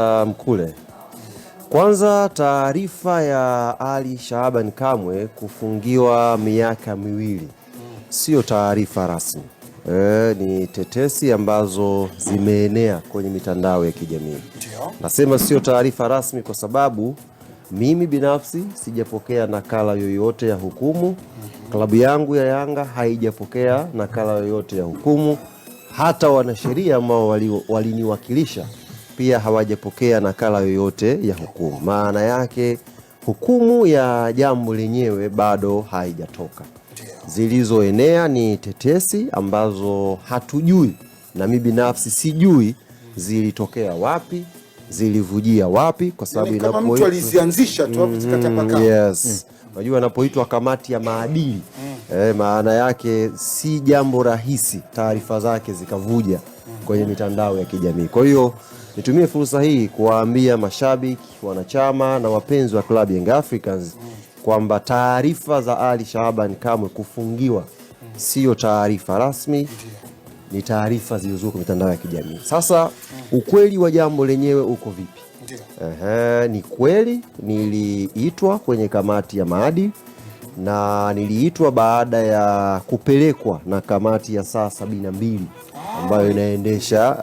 Ah, mkule. kwanza taarifa ya Ali shaaban Kamwe kufungiwa miaka miwili siyo taarifa rasmi. E, ni tetesi ambazo zimeenea kwenye mitandao ya kijamii. Nasema sio taarifa rasmi kwa sababu mimi binafsi sijapokea nakala yoyote ya hukumu. Klabu yangu ya Yanga haijapokea nakala yoyote ya hukumu. Hata wanasheria ambao waliniwakilisha wali pia hawajapokea nakala yoyote ya hukumu. Maana yake hukumu ya jambo lenyewe bado haijatoka. Zilizoenea ni tetesi ambazo hatujui, na mimi binafsi sijui zilitokea wapi, zilivujia wapi, kwa yaani sababu inapoitwa alizianzisha tu hapo mm, zikatapaka. Yes. Mm. Unajua, inapoitwa kamati ya maadili mm. eh, maana yake si jambo rahisi taarifa zake zikavuja mm. kwenye mitandao ya kijamii. Kwa hiyo Nitumie fursa hii kuwaambia mashabiki, wanachama na wapenzi wa klabu Young Africans kwamba taarifa za Ali Shaban Kamwe kufungiwa sio taarifa rasmi, ni taarifa zilizozuka kwa mitandao ya kijamii. Sasa ukweli wa jambo lenyewe uko vipi? Ehe, ni kweli niliitwa kwenye kamati ya maadili na niliitwa baada ya kupelekwa na kamati ya saa sabini na mbili ambayo inaendesha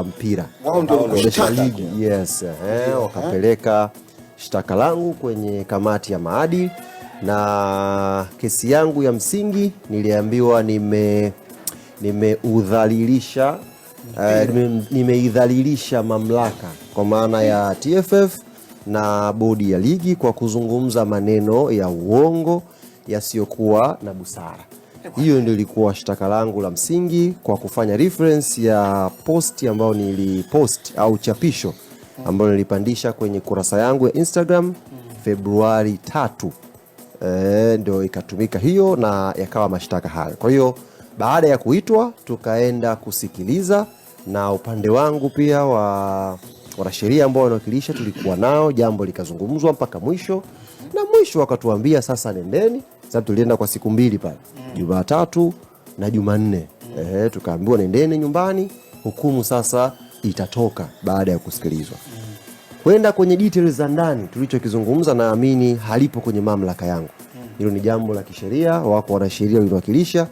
uh, mpira kuendesha ligi yes, eh, wakapeleka shtaka langu kwenye kamati ya maadili na kesi yangu ya msingi niliambiwa nime nimeudhalilisha uh, nimeidhalilisha mamlaka kwa maana ya TFF na bodi ya ligi kwa kuzungumza maneno ya uongo yasiyokuwa na busara. Hiyo ndio ilikuwa shtaka langu la msingi kwa kufanya reference ya posti ambayo nilipost au chapisho ambayo nilipandisha kwenye kurasa yangu ya Instagram Februari tatu. E, ndio ikatumika hiyo na yakawa mashtaka hayo. Kwa hiyo baada ya kuitwa tukaenda kusikiliza na upande wangu pia wa wanasheria ambao wanawakilisha tulikuwa nao, jambo likazungumzwa mpaka mwisho, na mwisho wakatuambia sasa nendeni. Sasa tulienda kwa siku mbili pale, Jumatatu na Jumanne. Eh, tukaambiwa nendeni nyumbani, hukumu sasa itatoka baada ya kusikilizwa. Kwenda kwenye details za ndani, tulichokizungumza naamini halipo kwenye mamlaka yangu. Hilo ni jambo la kisheria, wako wanasheria waliowakilisha,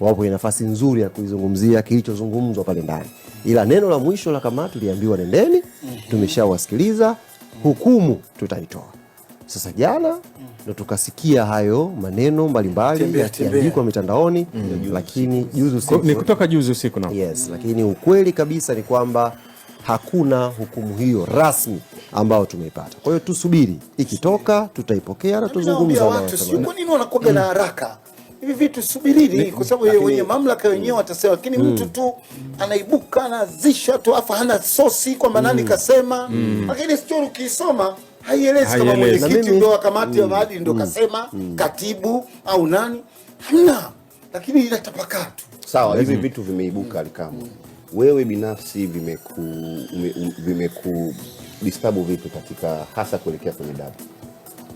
wapo kwenye nafasi nzuri ya kuizungumzia kilichozungumzwa pale ndani, ila neno la mwisho la kamati tuliambiwa nendeni, tumeshawasikiliza, hukumu tutaitoa. Sasa jana ndo tukasikia hayo maneno mbalimbali yakiandikwa mitandaoni mm. Lakini juzi usiku ni kutoka juzi usiku na yes, lakini ukweli kabisa ni kwamba hakuna hukumu hiyo rasmi ambayo tumeipata. Kwa hiyo tusubiri ikitoka, tutaipokea na tuzungumza na watu. Kwa nini wanakuwa na mm. haraka? hivi vitu subirini kwa sababu wenye mamlaka wenyewe atasema lakini mm. mtu tu anaibuka anazisha tu afa hana sosi kwamba mm. nani kasema, mm. lakini stori ukiisoma haielezi kama mwenyekiti ndio wa kamati ya maadili mm. ndio kasema, katibu au nani, hamna, lakini inatapakaa tu. Sawa, hivi vitu vimeibuka Alikamwe, wewe binafsi vimeku vimeku disturb vipi katika hasa kuelekea kwenye dabu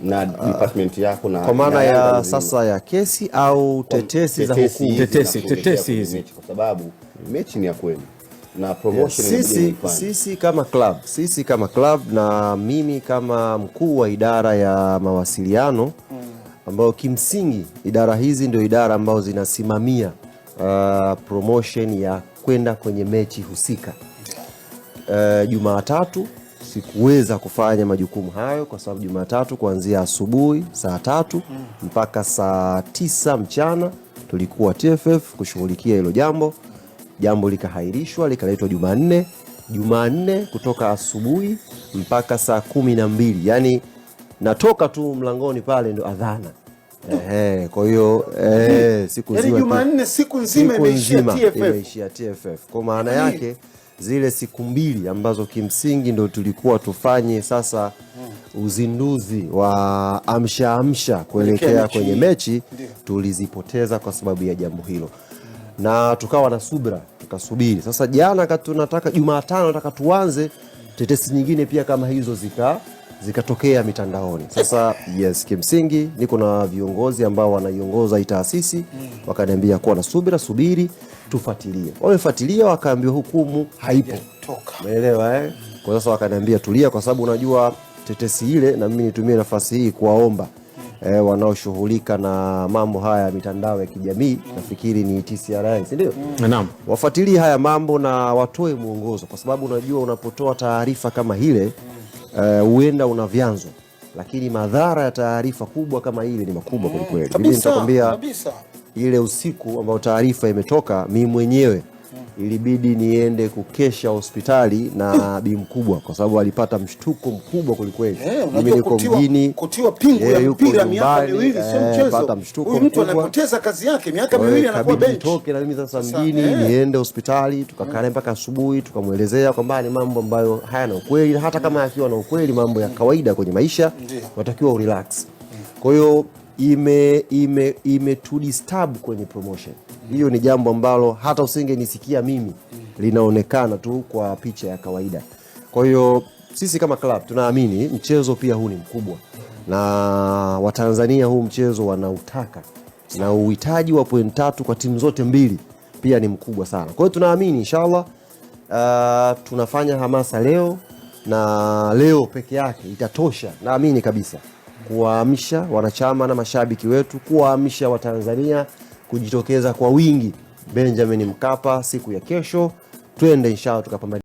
na uh, department yako na kwa maana ya sasa ya kesi au oh, tetesi za hukumu, tetesi tetesi hizi, kwa sababu mechi ni ya kweli na promotion yeah, sisi, sisi kama club sisi kama club na mimi kama mkuu wa idara ya mawasiliano hmm. ambayo kimsingi idara hizi ndio idara ambazo zinasimamia uh, promotion ya kwenda kwenye mechi husika uh, Jumatatu sikuweza kufanya majukumu hayo kwa sababu Jumatatu kuanzia asubuhi saa tatu mpaka saa tisa mchana tulikuwa TFF kushughulikia hilo jambo. Jambo likahairishwa likaletwa Jumanne, Jumanne kutoka asubuhi mpaka saa kumi na mbili yani natoka tu mlangoni pale ndo adhana. Ehe, kwa hiyo eh, siku nzima, siku nzima imeishia TFF kwa maana yaani yake zile siku mbili ambazo kimsingi ndo tulikuwa tufanye sasa uzinduzi wa amsha amsha kuelekea kwenye mechi tulizipoteza kwa sababu ya jambo hilo, na tukawa na subira tukasubiri. Sasa jana tunataka Jumatano, nataka tuanze tetesi nyingine pia kama hizo zika zikatokea mitandaoni. Sasa yes, kimsingi niko na viongozi ambao wanaiongoza hii taasisi hmm. wakaniambia kuwa na subira, subiri tufuatilie. Wamefuatilia wakaambiwa hukumu haipo, umeelewa eh? Kwa sasa wakaniambia tulia, kwa sababu unajua tetesi ile, na mimi nitumie nafasi hii kuwaomba eh, wanaoshughulika na mambo haya ya mitandao ya kijamii nafikiri ni TCRA, si ndio? Mm. Naam, wafuatilie haya mambo na watoe mwongozo, kwa sababu unajua unapotoa taarifa kama ile eh, huenda eh, una vyanzo lakini madhara ya taarifa kubwa kama ile ni makubwa kwelikweli. Mimi nitakwambia ile usiku ambao taarifa imetoka, mi mwenyewe ilibidi niende kukesha hospitali na hmm. bi mkubwa, kwa sababu alipata mshtuko mkubwa kwelikweli. Eh, mimi niko mjini, kutiwa pingu eh, ya mpira miaka miwili sio eh, mchezo. Pata mshtuko mtu anapoteza kazi yake miaka miwili anakuwa bench. Nitoke na mimi sasa mjini niende hospitali, hmm. tukakaa mpaka asubuhi, tukamwelezea kwamba ni mambo ambayo hayana ukweli, hata kama yakiwa na ukweli, mambo ya kawaida kwenye maisha, watakiwa urelax. Hmm. Kwa hiyo ime ime kwenye promotion hiyo. Ni jambo ambalo hata usingenisikia mimi, linaonekana tu kwa picha ya kawaida. Kwa hiyo sisi kama club tunaamini mchezo pia huu ni mkubwa, na Watanzania huu mchezo wanautaka, na uhitaji wa point tatu kwa timu zote mbili pia ni mkubwa sana. Kwa hiyo tunaamini inshallah, uh, tunafanya hamasa leo na leo peke yake itatosha, naamini kabisa kuwaamsha wanachama na mashabiki wetu, kuwaamsha Watanzania kujitokeza kwa wingi Benjamin Mkapa siku ya kesho. Twende inshallah tukapambana.